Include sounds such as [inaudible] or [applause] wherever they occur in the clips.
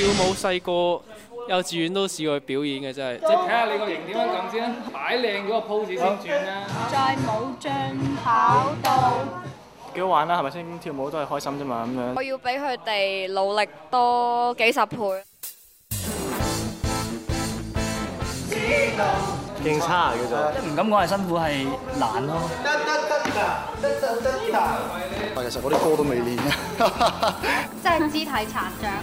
跳舞細個，幼稚園都試過表演嘅真係。即係睇下你個型點樣咁先啦。擺靚嗰個 pose 先轉啦。再舞場跑道。幾好玩啦，係咪先？跳舞都係開心啫嘛，咁樣。我要俾佢哋努力多幾十倍。勁差啊，叫做。即係唔敢講係辛苦，係難咯。但係其實我啲歌都未練啊。即係肢體殘障。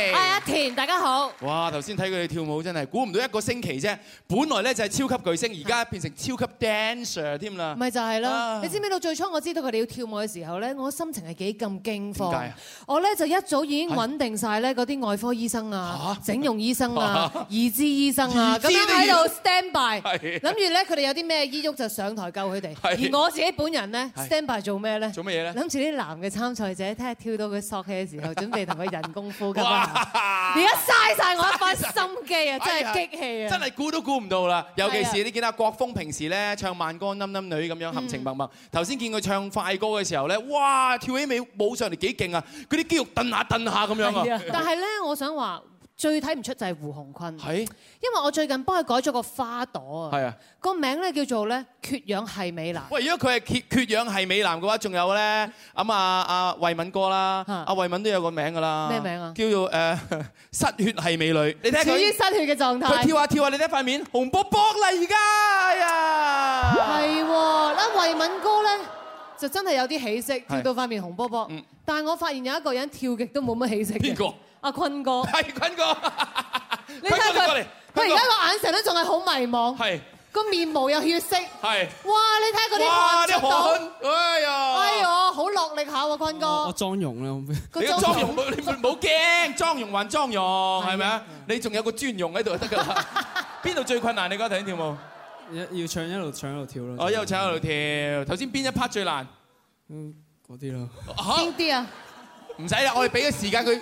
田，大家好。哇！頭先睇佢哋跳舞真係，估唔到一個星期啫。本來咧就係超級巨星，而家變成超級 dancer 添啦。咪就係咯。你知唔知到最初我知道佢哋要跳舞嘅時候咧，我心情係幾咁驚慌。點解啊？我咧就一早已經穩定晒咧嗰啲外科醫生啊、整容醫生啊、移鼻醫生啊，咁樣喺度 stand by，諗住咧佢哋有啲咩醫喐就上台救佢哋。而我自己本人咧 stand by 做咩咧？做咩嘢咧？諗住啲男嘅參賽者，睇下跳到佢索氣嘅時候，準備同佢人工呼吸。而家嘥晒我一塊心機啊！真係激氣啊！真係估都估唔到啦！尤其是，是的 你見阿國峰平時咧唱慢歌，冧冧女咁樣含情脈脈。頭先見佢唱快歌嘅時候咧，哇！跳起尾舞上嚟幾勁啊！嗰啲肌肉掄下掄下咁樣啊！是的 的但係咧，對 我想話。最睇唔出就係胡鴻坤，因為我最近幫佢改咗個花朵啊，個名咧叫做咧缺氧係美男。喂，如果佢係缺缺氧係美男嘅話，仲有咧咁啊啊魏敏哥啦，阿魏敏都有個名㗎啦，咩名啊？叫做誒失血係美女，你睇佢處於失血嘅狀態，佢跳下跳下，你睇塊面紅卜卜啦，而家係喎，嗱魏敏哥咧就真係有啲喜色，跳到塊面紅卜卜，但係我發現有一個人跳極都冇乜喜色嘅。阿坤哥，係坤哥，你睇佢，佢而家個眼神都仲係好迷茫，係，個面無有血色，係，哇！你睇嗰啲汗出到，哎呀，哎呀，好落力下喎，坤哥，我妝容咧，個妝容，你唔好驚，妝容還妝容，係咪啊？你仲有個專用喺度就得噶，邊度最困難？你覺得頭先跳舞，要唱一路唱一路跳咯，我一路唱一路跳。頭先邊一 part 最難？嗯，嗰啲咯，邊啲啊？唔使啦，我哋俾個時間佢。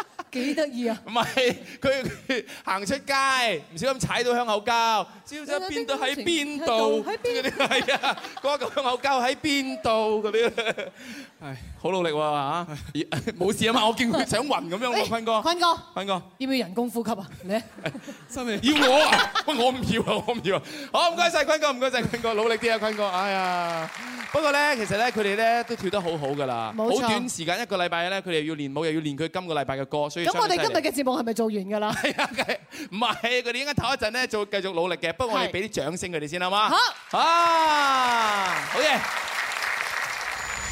幾得意啊！唔係佢行出街，唔小心踩到香口膠，消失變到喺邊度？嗰啲係啊，嗰嚿香口膠喺邊度？嗰啲係好努力喎嚇，冇事啊嘛！我見佢想暈咁樣喎，坤哥。坤哥，坤哥，要唔要人工呼吸啊？你收尾要我啊？我唔要啊！我唔要啊！好唔該晒坤哥，唔該晒坤哥，努力啲啊！坤哥，哎呀，不過咧，其實咧，佢哋咧都跳得好好㗎啦，好短時間一個禮拜咧，佢哋要練舞又要練佢今個禮拜嘅歌，所以。咁我哋今日嘅節目係咪做完噶啦？係啊，唔係佢哋應該唞一陣咧，仲繼續努力嘅。不過我哋俾啲掌聲佢哋先啦，好嘛？吓！好嘢！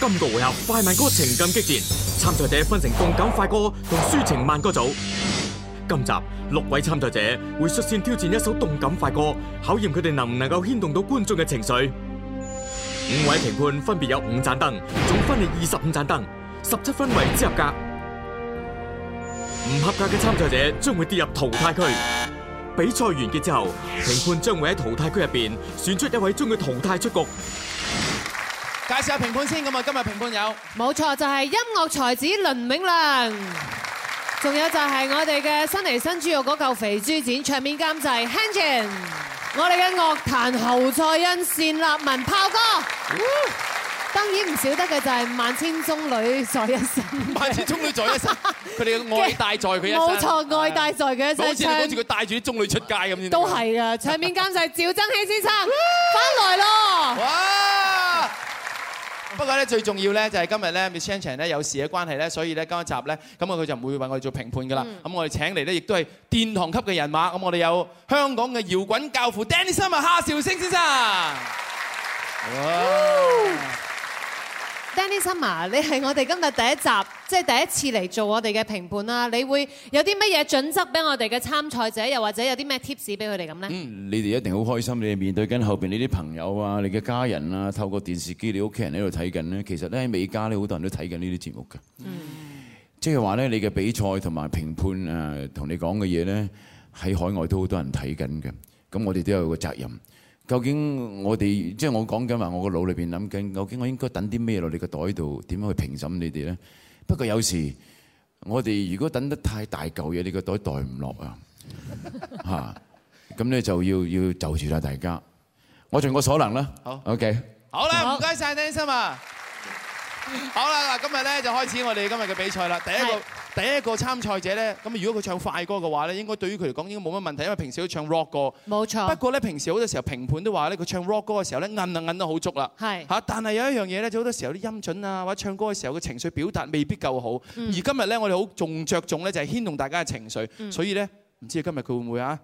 今個回合快慢歌情感激戰，參賽者分成動感快歌同抒情慢歌組。今集六位參賽者會率先挑戰一首動感快歌，考驗佢哋能唔能夠牽動到觀眾嘅情緒。五位評判分別有五盞燈，總分係二十五盞燈，十七分為及格。唔合格嘅參賽者將會跌入淘汰區。比賽完結之後，評判將會喺淘汰區入邊選出一位將佢淘汰出局。介紹下評判先，咁啊，今日評判有錯，冇錯就係、是、音樂才子倫永亮，仲有就係我哋嘅新嚟新豬肉嗰嚿肥豬展唱片監製 Hanjin，我哋嘅樂壇侯賽恩單立文炮哥。當然唔少得嘅就係萬千中女在一身，萬千中女在一身，佢哋嘅愛戴在佢一，冇錯，愛戴在佢一身。好似好似佢帶住啲中女出街咁樣。都係嘅，場面監製趙增熙先生，翻來咯。哇！不過咧最重要咧就係今日咧，Miss Cha 咧有事嘅關係咧，所以咧剛一集咧，咁啊佢就唔會為我哋做評判噶啦。咁我哋請嚟咧亦都係殿堂級嘅人馬，咁我哋有香港嘅搖滾教父 Danny Summer 夏韶聲先生。Danny Summer，你係我哋今日第一集，即係第一次嚟做我哋嘅評判啦。你會有啲乜嘢準則俾我哋嘅參賽者，又或者有啲咩 tips 俾佢哋咁呢？嗯，你哋一定好開心，你哋面對緊後邊呢啲朋友啊，你嘅家人啊，透過電視機，你屋企人喺度睇緊咧。其實咧，喺美加咧好多人都睇緊呢啲節目嘅。嗯，即係話咧，你嘅比賽同埋評判啊，同你講嘅嘢咧，喺海外都好多人睇緊嘅。咁我哋都有個責任。究竟我哋即係我講緊話，我個腦裏邊諗緊，究竟我應該等啲咩落你個袋度？點樣去評審你哋咧？不過有時我哋如果等得太大嚿嘢，你個袋袋唔落啊！嚇，咁咧就要要就住啦，大家我盡我所能啦。好，OK。好啦，唔該晒，丁生啊！好啦，嗱，今日咧就開始我哋今日嘅比賽啦。第一個。第一個參賽者咧，咁如果佢唱快歌嘅話咧，應該對於佢嚟講應該冇乜問題，因為平時佢唱 rock 歌。冇沒錯。不過咧，平時好多時候評判都話咧，佢唱 rock 歌嘅時候咧，韌啊韌得好足啦。係。嚇！但係有一樣嘢咧，就好多時候啲音準啊，或者唱歌嘅時候嘅情緒表達未必夠好。而今日咧，我哋好重着重咧，就係牽動大家嘅情緒。所以咧，唔知今日佢會唔會啊，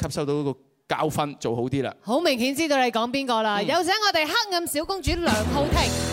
吸收到一個教訓，做好啲啦。好明顯知道你講邊個啦？嗯、有請我哋黑暗小公主梁皓婷。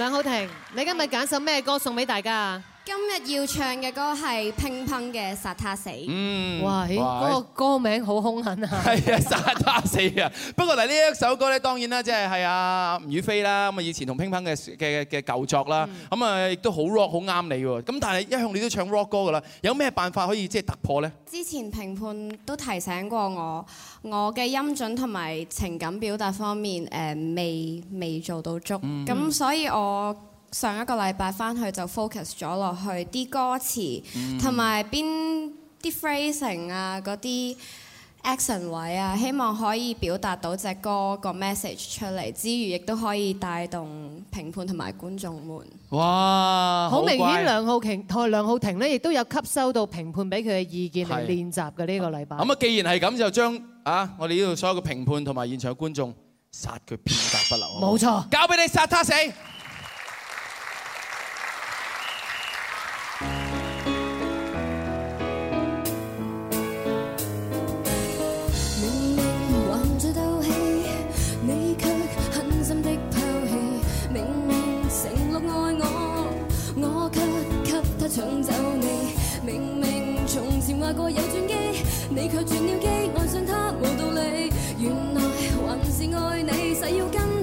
梁皓婷，你今日揀首咩歌送俾大家啊？今日要唱嘅歌係乒乓嘅《殺她死》，喂、嗯，嗰、那個歌名好兇狠啊！係啊，《殺她死》啊！ [laughs] 不過嚟呢一首歌咧，當然啦，即係係阿吳雨霏啦，咁啊以前同乒乓嘅嘅嘅舊作啦，咁啊、嗯、亦都好 rock 好啱你喎。咁但係一向你都唱 rock 歌噶啦，有咩辦法可以即係突破咧？之前評判都提醒過我，我嘅音準同埋情感表達方面誒未未，未做到足，咁、嗯、所以我。上一個禮拜返去就 focus 咗落去啲歌詞同埋邊啲 phrasing 啊，嗰啲 action 位啊，希望可以表達到隻歌個 message 出嚟之餘，亦都可以帶動評判同埋觀眾們。哇！好明顯梁，梁皓婷同梁皓婷咧，亦都有吸收到評判俾佢嘅意見嚟練習嘅呢個禮拜的。咁啊，既然係咁，就將啊，我哋呢度所有嘅評判同埋現場嘅觀眾殺佢片甲不留。冇沒錯，交俾你殺他死。承諾愛我，我，我卻給他搶走你。明明從前話過有轉機，你卻轉了機，愛上他無道理。原來還是愛你，誓要跟。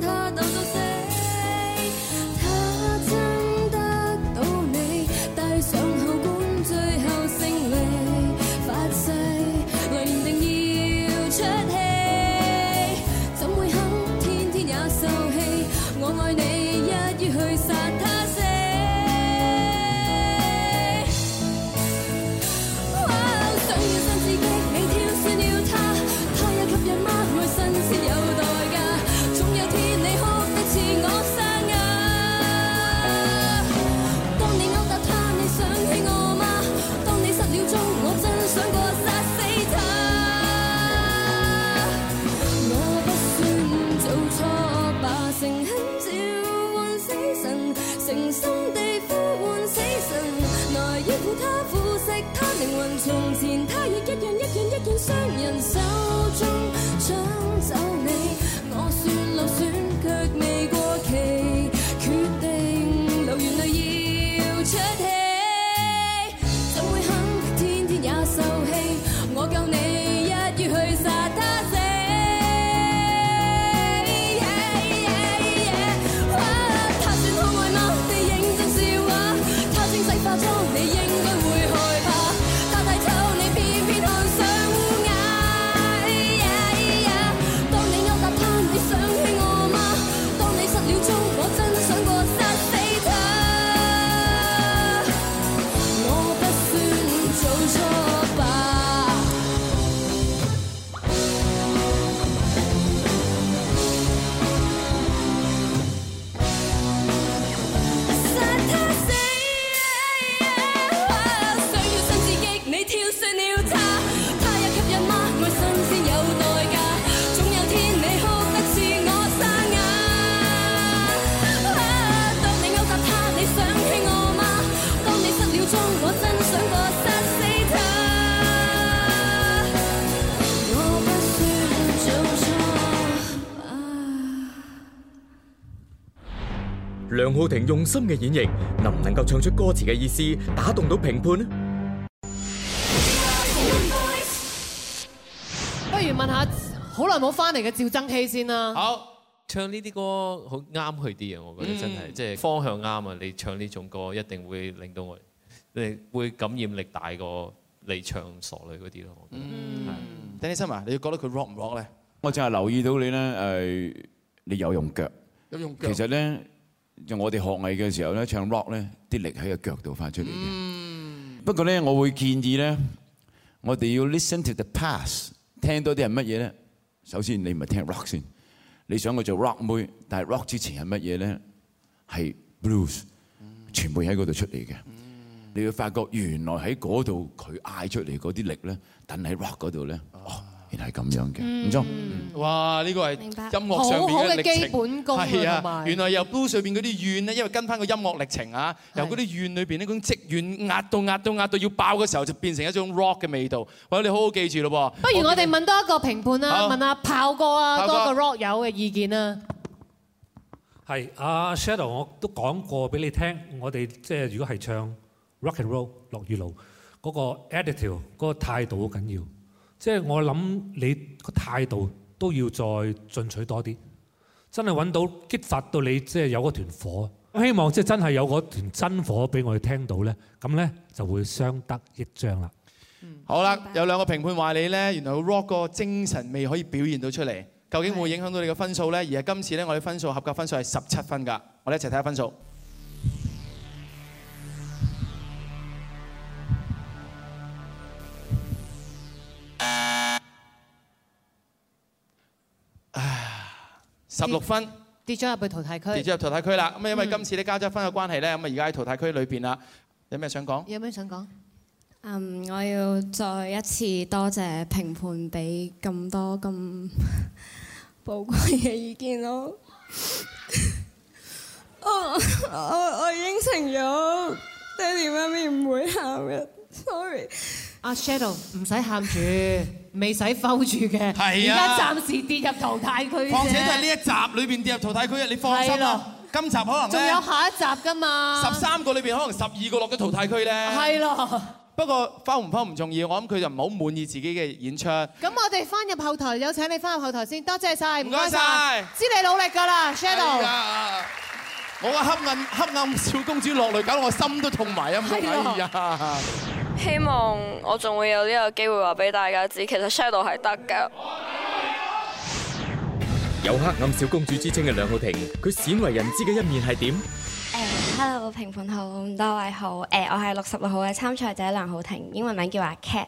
吳浩庭用心嘅演繹，能唔能夠唱出歌詞嘅意思，打動到評判呢？不如問下好耐冇翻嚟嘅趙增熹先啦。好，唱呢啲歌好啱佢啲啊！我覺得真係，即係方向啱啊！你唱呢種歌一定會令到我，你會感染力大過你唱傻女嗰啲咯。嗯，Daniel Simon，你覺得佢 rock 唔 rock 咧？我淨係留意到你咧，誒，你有用腳，有用腳，其實咧。就我哋學藝嘅時候咧，唱 rock 咧啲力喺個腳度發出嚟嘅。不過咧，我會建議咧，我哋要 listen to the past，聽多啲係乜嘢咧？首先你咪聽 rock 先。你想佢做 rock 妹，但 rock 之前係乜嘢咧？係 blues，全部喺嗰度出嚟嘅。你要發覺原來喺嗰度佢嗌出嚟嗰啲力咧，等喺 rock 嗰度咧哦。原來係咁樣嘅，唔錯。哇白！呢個係音樂上邊嘅基本功，係啊。原來由 Blues 上面嗰啲怨咧，因為跟翻個音樂歷程啊，對 由嗰啲怨裏邊呢嗰種積怨壓到壓到壓到要爆嘅時候，就變成一種 Rock 嘅味道。喂，你好好記住咯噃。不如我哋問多一個評判啦，好吧 問下炮哥啊，多哥個 Rock 友嘅意見啦。係阿 Shadow，我都講過俾你聽，我哋即係如果係唱 Rock and Roll《落雨露》，嗰、那個 attitude，嗰、那個態度好緊要。即係我諗，你個態度都要再進取多啲，真係揾到激發到你，即係有嗰團火。我希望即係真係有嗰團真火俾我哋聽到咧，咁咧就會相得益彰啦。好啦，有兩個評判話你咧，原來 rock 個精神未可以表現到出嚟，究竟會影響到你嘅分數咧？而係今次咧，我哋分數合格分數係十七分㗎，我哋一齊睇下分數。十六分跌咗入去淘汰區，跌咗入淘汰區啦。咁啊，因為今次啲加咗分嘅關係咧，咁啊，而家喺淘汰區裏邊啦，有咩想講？有咩想講？嗯，我要再一次多謝評判俾咁多咁寶貴嘅意見咯。我我我我已經應承咗爹哋媽咪唔會喊嘅，sorry。阿 Shadow 唔使喊住。未使 hold 住嘅，而 [noise] 家樂暫時跌入淘汰區。況且就係呢一集裏邊跌入淘汰區嘅，你放心啦。對了 今集可能仲有下一集，㗎嘛，十三個裏邊可能十二個落咗淘汰區咧。係咯，不過 hold 唔 hold 唔重要，我諗佢就唔好滿意自己嘅演唱。咁我哋翻入後台，有請你翻入後台先，多謝晒，唔該晒，謝謝你，知你努力㗎啦，Shadow。Sh 我個黑暗黑暗小公主落淚，搞到我心都痛埋啊嘛。係希望我仲會有呢個機會話俾大家知，其實 shadow 係得噶。有黑暗小公主之稱嘅梁皓婷，佢鮮為人知嘅一面係點？Hello 評判好，多位好，誒、uh,，我係六十六號嘅參賽者梁皓婷，英文名叫阿 cat。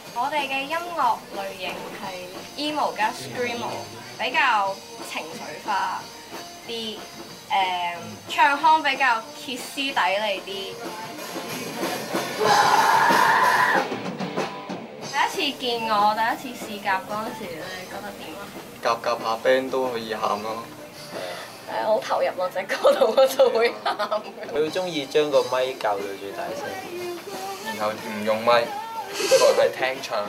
我哋嘅音樂類型係 emo 加 screamo，比較情緒化啲，誒唱腔比較歇斯底里啲。第一次見我，第一次試夾嗰陣時，你覺得點啊？夾夾下 band 都可以喊咯、啊。係好、哎、投入落、啊、隻歌度，我就會喊。佢好中意將個咪校到最大聲，然後唔用咪。佢係 [music] 聽唱，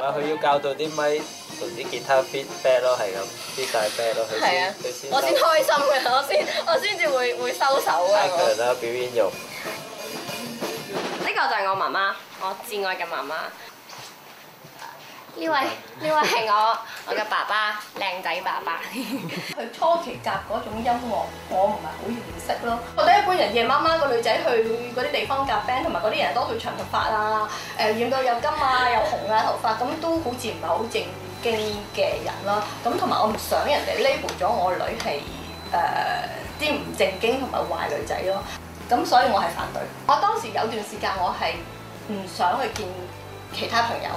係佢要教到啲咪同啲吉他 fit back 咯，係咁 fit 大 back 咯，佢先我先開心嘅，我先我先至會會收手嘅。啦表演用，呢、 [music] 呢個就係我媽媽，我至愛嘅媽媽。呢位呢位係我我嘅爸爸，靚仔 [laughs] 爸爸。佢 [laughs] 初期夾嗰種音樂，我唔係好認識咯。我睇一般人夜媽媽個女仔去嗰啲地方夾 band，同埋嗰啲人多數長發、呃、頭髮啊，誒染到又金啊又紅啊頭髮，咁都好似唔係好正經嘅人啦。咁同埋我唔想人哋 label 咗我女係誒啲唔正經同埋壞女仔咯。咁所以我係反對。 [laughs] 我當時有段時間我係唔想去見其他朋友。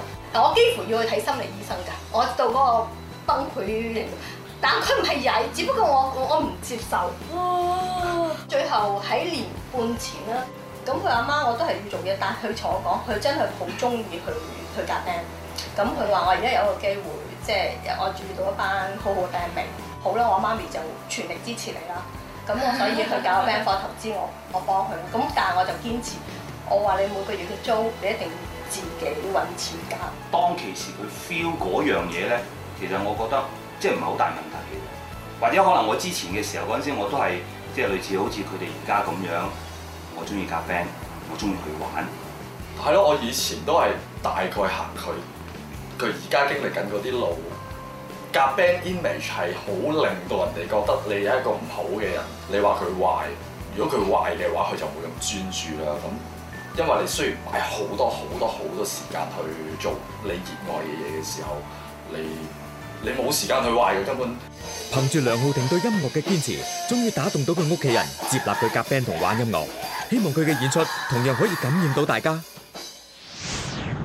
我幾乎要去睇心理醫生㗎，我做嗰個崩潰型，但佢唔係曳，只不過我我唔接受。哇，最後喺年半前啦，咁佢阿媽我都係要做嘢，但佢同我講，佢真係好中意去去夾 band。咁佢話：我而家有個機會，即係我注意到一班好好 band，好啦，我媽咪就全力支持你啦。咁我所以去搞 band 房投資我，我幫佢。咁但係我就堅持，我話你每個月嘅租你一定自己揾錢夾。當其時佢 feel 嗰樣嘢咧，其實我覺得即係唔係好大問題嘅。或者可能我之前嘅時候嗰陣時，我都係即係類似好似佢哋而家咁樣，我中意夾 band，我中意去玩。係咯，我以前都係大概行佢。佢而家經歷緊嗰啲路，夾 band image 係好令到人哋覺得你係一個唔好嘅人。你話佢壞，如果佢壞嘅話，佢就冇咁專注啦。咁。因為你雖然擺好多好多好多時間去做你熱愛嘅嘢嘅時候，你你冇時間去壞嘅根本。憑住梁皓婷對音樂嘅堅持，終於打動到佢屋企人接納佢夾 band 同玩音樂。希望佢嘅演出同樣可以感染到大家。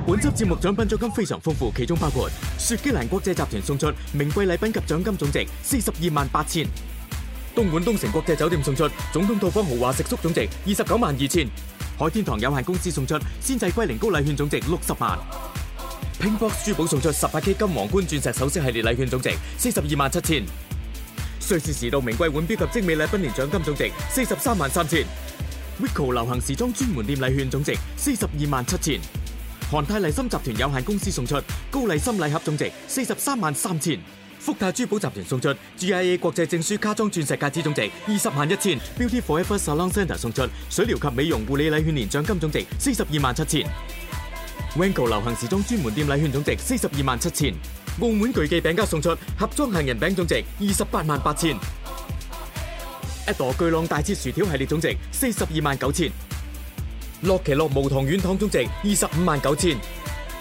本輯節目獎品獎金非常豐富，其中包括雪肌蘭國際集團送出名貴禮品及獎金總值四十二萬八千；東莞東城國際酒店送出總統套房豪華食宿總值二十九萬二千。海天堂有限公司送出鮮製龜苓膏禮券總值六十萬，Pingbox 珠寶送出十八 K 金皇冠鑽石首飾系列禮券總值四十二萬七千，瑞士時度名貴腕錶及精美禮賓年獎金總值四十三萬三千，Veeko 流行時裝專門店禮券總值四十二萬七千，韓泰麗參集團有限公司送出高麗參禮盒總值四十三萬三千。福泰珠寶集團送出 GIA 國際證書卡裝鑽石戒指總值二十萬一千，Beauty Forever Salon Center 送出水療及美容護理禮券年獎金總值四十二萬七千，Wango 流行時裝專門店禮券總值四十二萬七千，澳門巨記餅家送出盒裝杏仁餅總值二十八萬八千，Adore 巨浪大切薯條系列總值四十二萬九千，樂奇樂無糖軟糖總值二十五萬九千。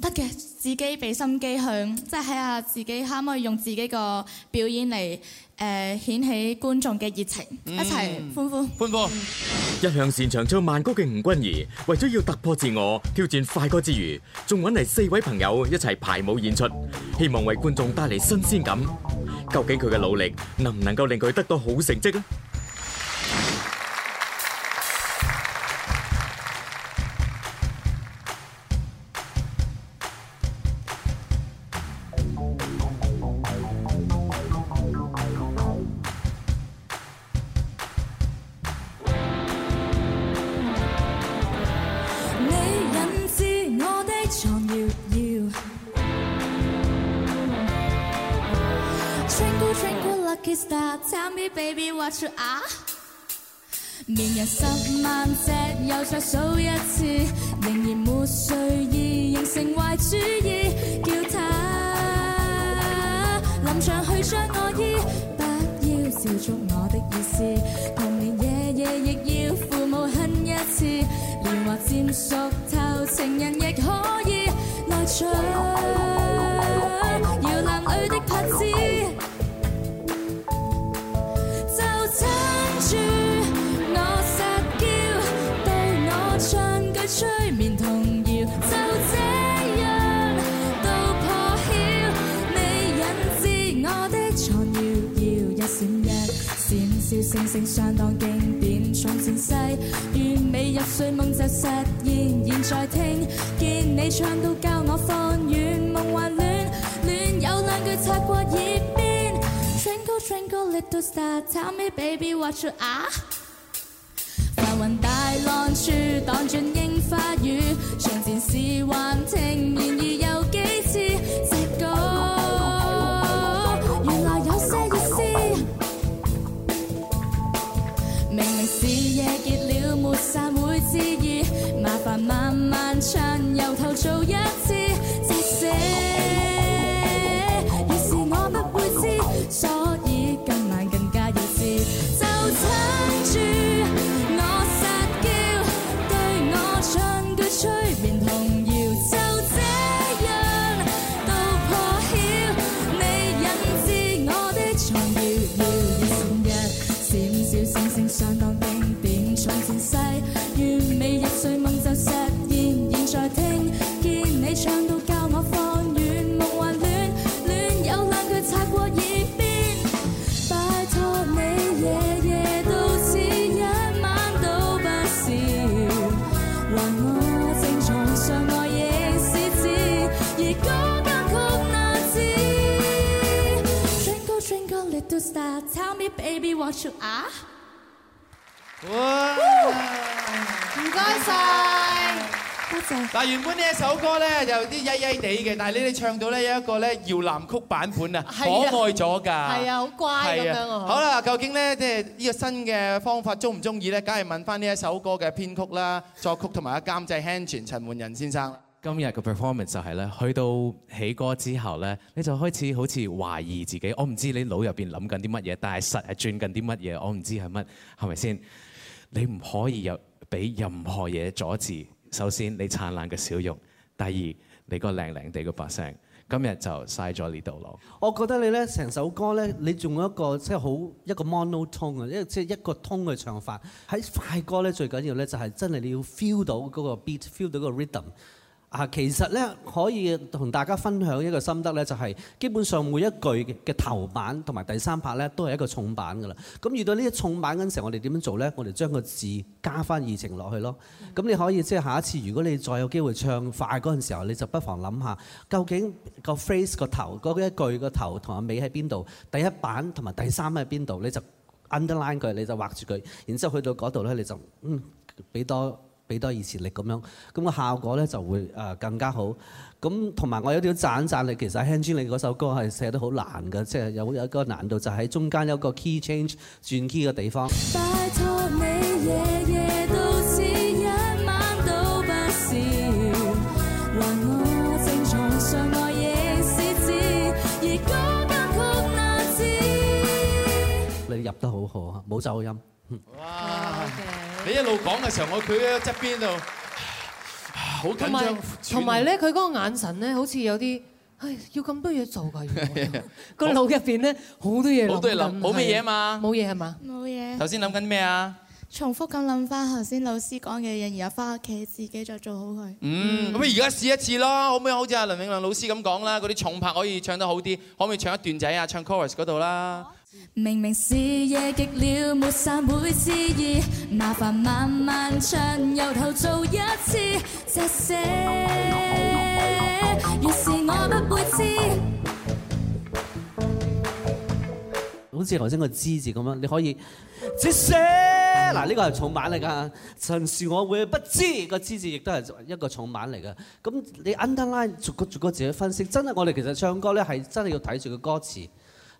得嘅，自己俾心機向，即係睇下自己可唔可以用自己個表演嚟誒、呃、顯起觀眾嘅熱情，嗯、一齊歡呼！歡呼！嗯、一向擅長唱慢歌嘅吳筠怡，為咗要突破自我，挑戰快歌之餘，仲揾嚟四位朋友一齊排舞演出，希望為觀眾帶嚟新鮮感。究竟佢嘅努力能唔能夠令佢得到好成績呢？星星相當經典，從前世完美入睡夢就實現。現在聽見你唱到教我放軟夢幻戀戀，有兩句擦過耳邊。 [music] twinkle twinkle little star, tell me baby, what you are。浮 [noise] 雲樂大浪處盪轉櫻花雨，從前是幻聽。由頭做一。嗱，原本呢一首歌咧就有啲曳曳地嘅，但係你哋唱到咧有一個咧搖籃曲版本啊，的可愛咗㗎，係啊，乖的樣好乖咁樣哦。好啦，究竟咧即係呢、呢個新嘅方法中唔中意咧？梗係問翻呢一首歌嘅編曲啦、作曲同埋啊監製 Henry 陳煥仁先生。今日嘅 performance 就係、係、咧，去到起歌之後咧，你就開始好似懷疑自己，我唔知你腦入邊諗緊啲乜嘢，但係實係轉緊啲乜嘢，我唔知係乜，係咪先？你唔可以有俾任何嘢阻止。首先你燦爛嘅笑容，第二你個靚靚地嘅發聲，今日就嘥咗呢度咯。我覺得你咧成首歌咧，你仲有一個即係好一個 monotone 即係一個通嘅唱法。喺快歌咧最緊要咧就係真係你要 feel 到嗰個 beat，feel 到個 rhythm。啊，其實咧可以同大家分享一個心得咧，就係、是、基本上每一句嘅頭板同埋第三拍咧都係一個重板噶啦。咁遇到呢一重板嗰陣時候，我哋點樣做咧？我哋將個字加翻熱情落去咯。咁你可以即係下一次，如果你再有機會唱快嗰陣時候，你就不妨諗下究竟個 phrase 個頭嗰、那個、一句個頭同埋尾喺邊度？第一板同埋第三喺邊度？你就 underline 佢，你就畫住佢，然之後去到嗰度咧，你就嗯俾多。俾多以前力咁樣，咁個效果咧就會誒更加好。咁同埋我有啲讚讚你，其實《青春》你嗰首歌係寫得好難嘅，即係有有一個難度就喺中間有個 key change 轉 key 嘅地方。拜託你夜夜到此一晚都不是我正常上我是而曲那次你入得好好嚇，冇走音。哇 [music] 你一路講嘅時候，我喺佢側邊度，好緊張，啊。同埋咧，佢嗰個眼神咧，好似有啲，唉，要咁多嘢做㗎。個腦入邊咧，好 [music] [music] 多嘢諗。好 [music] 多嘢諗，冇咩嘢嘛？冇嘢係嘛？冇嘢是。頭先諗緊咩啊？重複咁諗翻頭先老師講嘅嘢，然後翻屋企自己再做好佢。嗯。咁而家試一次咯，可唔可以好似阿倫永亮老師咁講啦？嗰啲重拍可以唱得好啲，可唔可以唱一段仔啊？唱 chorus 嗰度啦。明明是夜極了，沒散會之意。麻煩慢慢唱，由頭做一次。這些若是我不會知，好似頭先個知字咁樣，你可以這些嗱，呢個係重版嚟噶。曾是我會不知個知字亦都係一個重版嚟噶。咁你 underline 逐個逐個字去分析，真係我哋其實唱歌咧係真係要睇住個歌詞。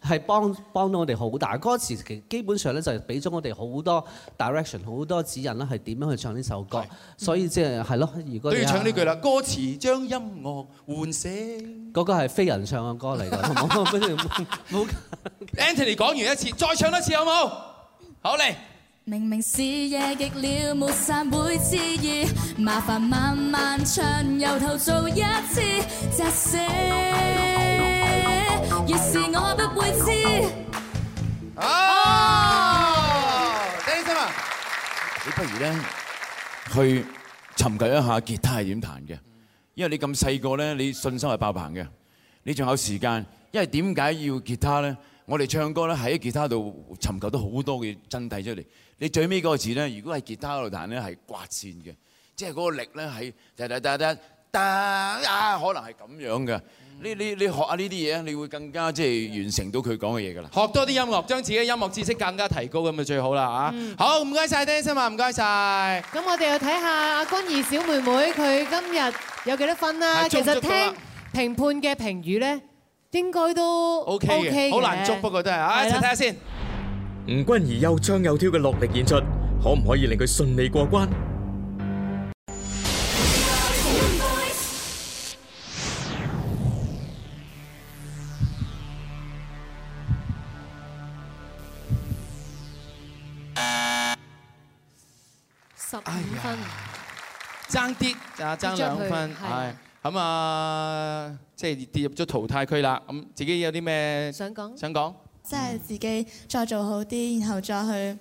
係幫幫到我哋好大，歌詞其實基本上咧就係俾咗我哋好多 direction，好多指引啦，係點樣去唱呢首歌。所以即係係咯，如果都要唱呢句啦，歌詞將音樂喚醒。嗰個係非人唱嘅歌嚟㗎。冇，Anthony 講完一次，再唱多次好冇？好嚟。明明是夜極了，沒散會遲疑，麻煩慢慢唱，由頭做一次，窒死。是我不會知。啊，丁生啊，你不如咧去尋求一下吉他係點彈嘅，因為你咁細個咧，你信心係爆棚嘅，你仲有時間。因為點解要吉他咧？我哋唱歌咧喺吉他度尋求到好多嘅真諦出嚟。你最尾嗰個字咧，如果喺吉他度彈咧，係刮線嘅，即係嗰個力咧係嗒嗒嗒嗒嗒啊，可能係咁樣嘅。你你你學下呢啲嘢啊，你會更加即係完成到佢講嘅嘢㗎啦。學多啲音樂，將自己音樂知識更加提高，咁就最好啦啊！好，唔該曬啲先生，唔該曬。咁我哋又睇下阿筠怡小妹妹佢今日有幾多分啦？其實聽評判嘅評語咧，應該都 OK 嘅，好難捉，不過都係啊！一齊睇下先。吳筠怡又唱又跳嘅落力演出，可唔可以令佢順利過關？分爭啲啊，爭兩分，係咁啊，即係跌入咗淘汰區啦。咁自己有啲咩說？想講說，想講，即係自己再做好啲，然後再去誒、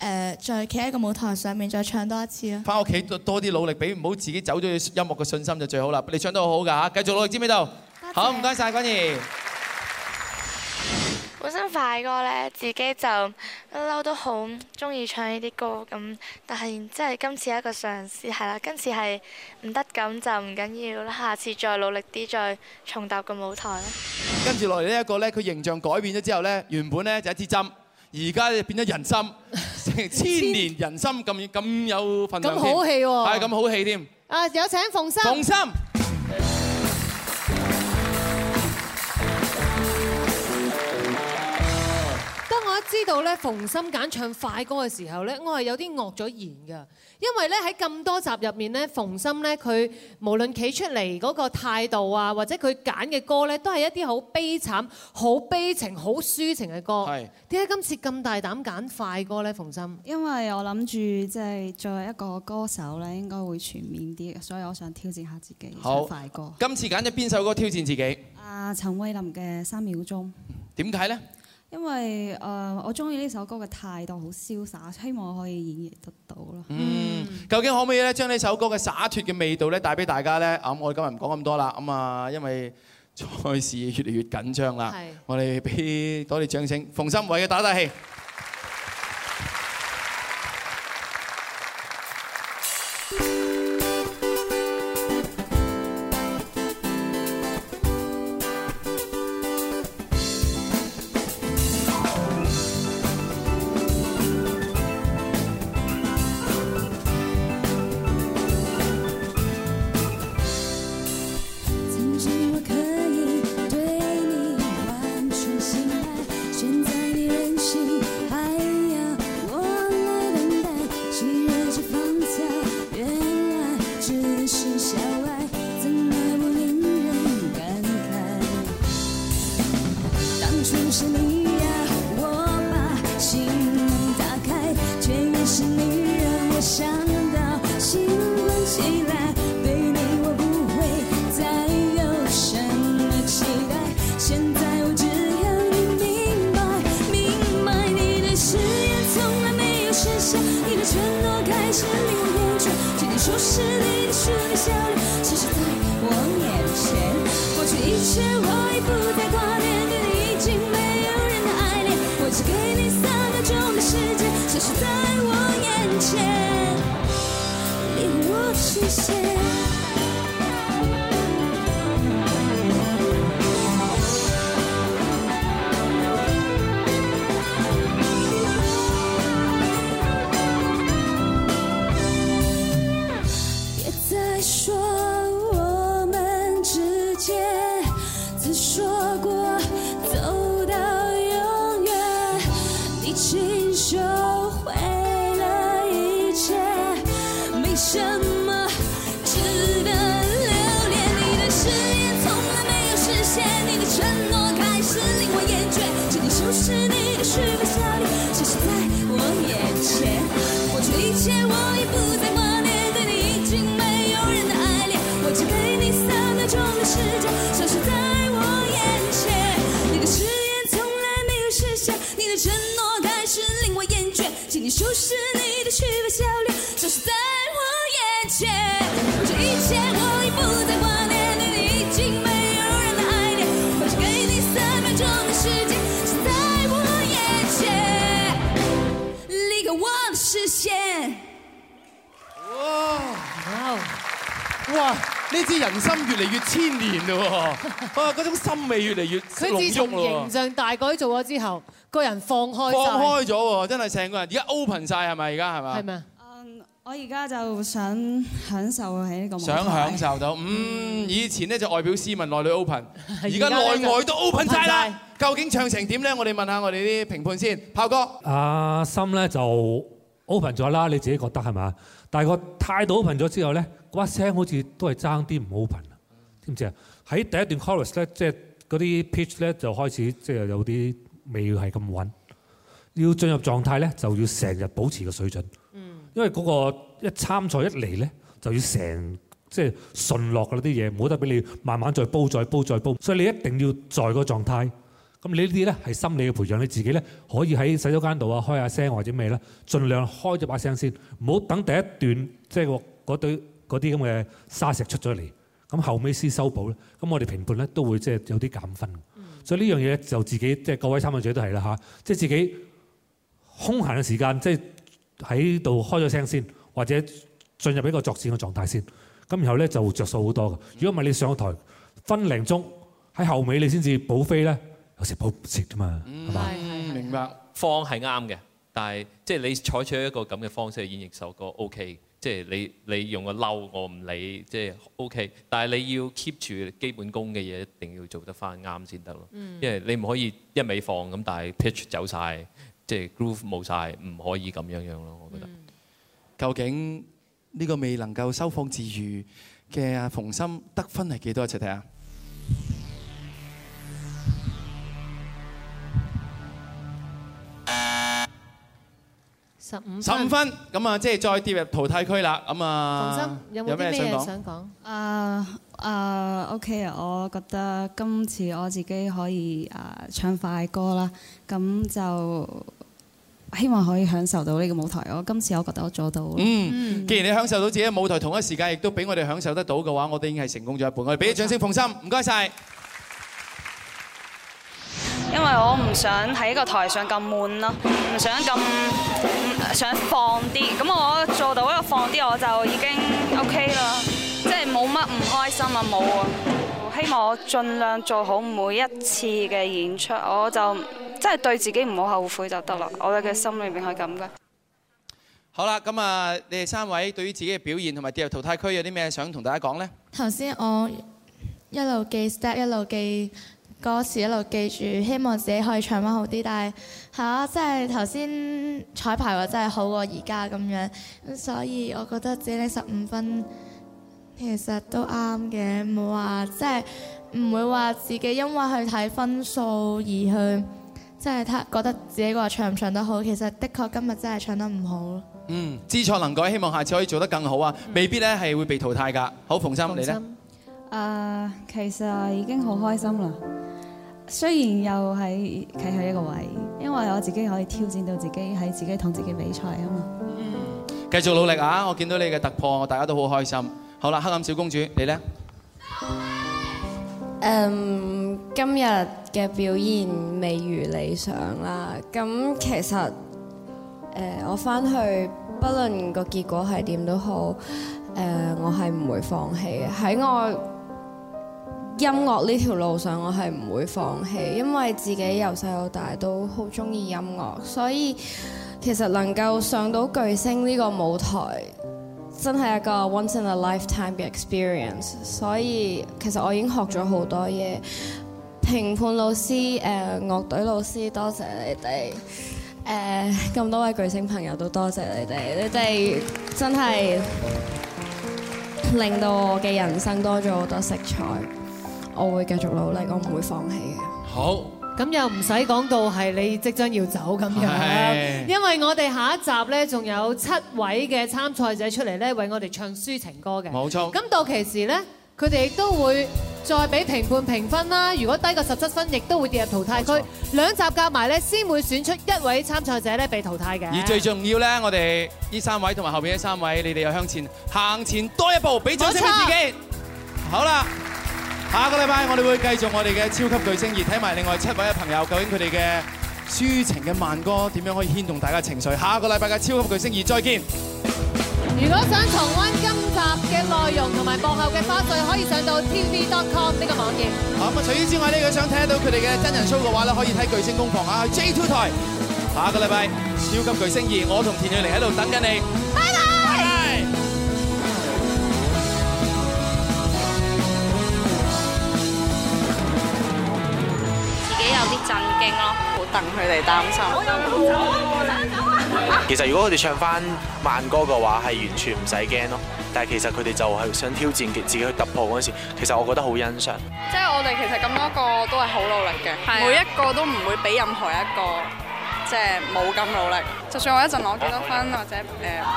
呃，再企喺個舞台上面，再唱多一次咯。翻屋企多啲努力，俾唔好自己走咗，音樂嘅信心就最好啦。你唱得好好㗎嚇，繼續努力知唔知道？謝謝。好，唔該晒筠怡。本身快歌咧，自己就不嬲都好中意唱呢啲歌咁，但係即係今次係一個嘗試係啦，今次係唔得咁就唔緊要啦，下次再努力啲再重踏個舞台啦。跟住落嚟呢一個咧，佢形象改變咗之後咧，原本咧就一支針，而家就變咗人心，成千年人心咁咁有份量添。咁好戲喎！係咁好戲添。啊！有請馮琛。知道咧，馮琛揀唱快歌嘅時候咧，我係有啲愕咗然噶，因為咧喺咁多集入面咧，馮琛咧佢無論企出嚟嗰個態度啊，或者佢揀嘅歌咧，都係一啲好悲慘、好悲情、好抒情嘅歌。係。點解今次咁大膽揀快歌咧，馮琛？因為我諗住即係作為一個歌手咧，應該會全面啲，所以我想挑戰下自己唱快歌。今次揀咗邊首歌挑戰自己？阿陳慧琳嘅《三秒鐘》。點解咧？因為誒、呃，我中意呢首歌嘅態度好瀟灑，希望可以演繹得到咯。嗯，究竟可唔可以咧將呢首歌嘅灑脫嘅味道咧帶俾大家咧？咁、嗯、我今日唔講咁多啦。咁、嗯、啊，因為賽事越嚟越緊張啦，的我哋俾多啲掌聲，馮琛嘅打打氣。呢支人心越嚟越千年咯喎，啊嗰種心味越嚟越濃郁咯喎。佢自從形象大改造咗之後，個人放開咗，放開咗喎，真係成個人而家 open 曬係咪？而家係咪？係咪嗎？嗯，我而家就想享受喺呢個模式，想享受到。嗯，以前呢就外表斯文，內裏 open，而家內外都 open 曬啦。究竟唱成點咧？我哋問下我哋啲評判先，炮哥。啊，uh, 心咧就 open 咗啦，你自己覺得係咪？但係個態度 open 咗之後咧？把聲好似都係爭啲唔 open 啊！嗯、知唔知啊？喺第一段 chorus 咧，即係嗰啲 pitch 咧就開始即係有啲未係咁穩。要進入狀態咧，就要成日保持個水準。因為嗰個一參賽一嚟咧，就要成即係順落嗰啲嘢，唔好得俾你慢慢再煲、再煲、再煲、再煲。所以你一定要在個狀態。咁你呢啲咧係心理嘅培養，你自己咧可以喺洗手間度啊，開下聲或者咩啦，儘量開咗把聲先，唔好等第一段即係個嗰對。就是嗰啲咁嘅沙石出咗嚟，咁後尾先修補咧，咁我哋評判咧都會即係有啲減分。所以呢樣嘢就自己，即係各位參賽者都係啦吓，即係自己空閒嘅時間，即係喺度開咗聲先，或者進入一個作戰嘅狀態先，咁然後咧就着數好多嘅。如果唔係你上台分零鍾喺後尾你先至補飛咧，有時補唔切啫嘛，係嘛？明白，方係啱嘅，但係即係你採取一個咁嘅方式去演繹首歌 O K。即係你你用個嬲我唔理，即係 OK。但係你要 keep 住基本功嘅嘢，一定要做得翻啱先得咯。嗯、因為你唔可以一味放咁，但係 pitch 走晒，即係 groove 冇晒，唔可以咁樣樣咯。我覺得、嗯、究竟呢個未能夠收放自如嘅阿馮琛得分係幾多？一齊睇下。十五分，十五分，咁啊，即係再跌入淘汰區啦。咁啊，有冇啲咩想講？啊啊、uh, uh,，OK 啊，我覺得今次我自己可以啊唱快歌啦。咁就希望可以享受到呢個舞台。我今次我覺得我做到。嗯，既然你享受到自己嘅舞台，同一時間亦都俾我哋享受得到嘅話，我哋已經係成功咗一半。我哋俾啲掌聲，馮琛，唔該晒。因為我唔想喺個台上咁悶咯，唔想咁想放啲，咁我做到一個放啲，我就已經 OK 啦，即係冇乜唔開心啊冇啊！希望我盡量做好每一次嘅演出，我就即係對自己唔好後悔就得啦。我哋嘅心裏面係咁嘅。好啦，咁啊，你哋三位對於自己嘅表現同埋跌入淘汰區有啲咩想同大家講呢？頭先我一路記 step，一路記。歌詞一路記住，希望自己可以唱翻好啲。但係係啊，即係頭先彩排話真係好過而家咁樣，所以我覺得自己呢十五分其實都啱嘅，冇話即係唔會話自己因為去睇分數而去即係睇覺得自己話唱唔唱得好。其實的確今日真係唱得唔好。嗯，知錯能改，希望下次可以做得更好啊！未必咧係會被淘汰㗎。好，馮琛，琛你呢？誒，uh, 其實已經好開心啦～雖然又喺企喺一個位，因為我自己可以挑戰到自己，喺自己同自己比賽啊嘛。嗯，繼續努力啊！我見到你嘅突破，我大家都好開心。好啦，黑暗小公主，你咧？嗯， [music] 今日嘅表現未如理想啦。咁其實誒，我返去，不論個結果係點都好，誒，我係唔會放棄嘅。喺我音樂呢條路上，我係唔會放棄，因為自己由細到大都好中意音樂，所以其實能夠上到巨聲呢個舞台，真係一個 once in a lifetime 嘅 experience。所以其實我已經學咗好多嘢。評判老師、誒樂隊老師，多謝你哋。誒咁多位巨聲朋友都多謝你哋，你哋真係令到我嘅人生多咗好多色彩。我會繼續努力，我唔會放棄嘅。好，咁又唔使講到係你即將要走咁樣，的因為我哋下一集呢，仲有七位嘅參賽者出嚟呢，為我哋唱抒情歌嘅。冇錯，咁到期時呢，佢哋都會再俾評判評分啦。如果低過十七分，亦都會跌入淘汰區。錯兩集夾埋呢，先會選出一位參賽者呢被淘汰嘅。而最重要呢，我哋呢三位同埋後面呢三位，你哋又向前行前多一步，俾珍惜自己。錯好啦。下個禮拜我哋會繼續我哋嘅超級巨聲2，睇埋另外七位嘅朋友，究竟佢哋嘅抒情嘅慢歌點樣可以牽動大家情緒。下個禮拜嘅超級巨聲2，再見。如果想重溫今集嘅內容同埋幕後嘅花絮，可以上到 TV .dot com 呢個網頁。好，咁啊，除此之外咧，如果想睇到佢哋嘅真人 show 嘅話咧，可以睇巨星工房啊，J2 台。下個禮拜超級巨聲2，我同田蕊妮喺度等緊你。震驚咯，好戥佢哋擔心。其實如果佢哋唱翻慢歌嘅話，係完全唔使驚咯。但係其實佢哋就係想挑戰，自己去突破嗰時，其實我覺得好欣賞。即係我哋其實咁多個都係好努力嘅，每一個都唔會俾任何一個即係冇咁努力。就算我一陣攞幾多分或者誒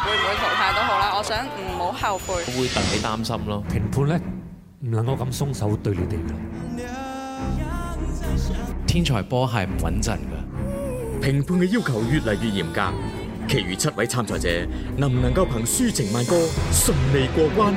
會唔會淘汰都好啦，我想唔好後悔。會戥你擔心咯，評判咧唔能夠咁鬆手對你哋。天才波係唔穩陣嘅，評判嘅要求越嚟越嚴格。其餘七位參賽者，能唔能夠憑抒情慢歌順利過關？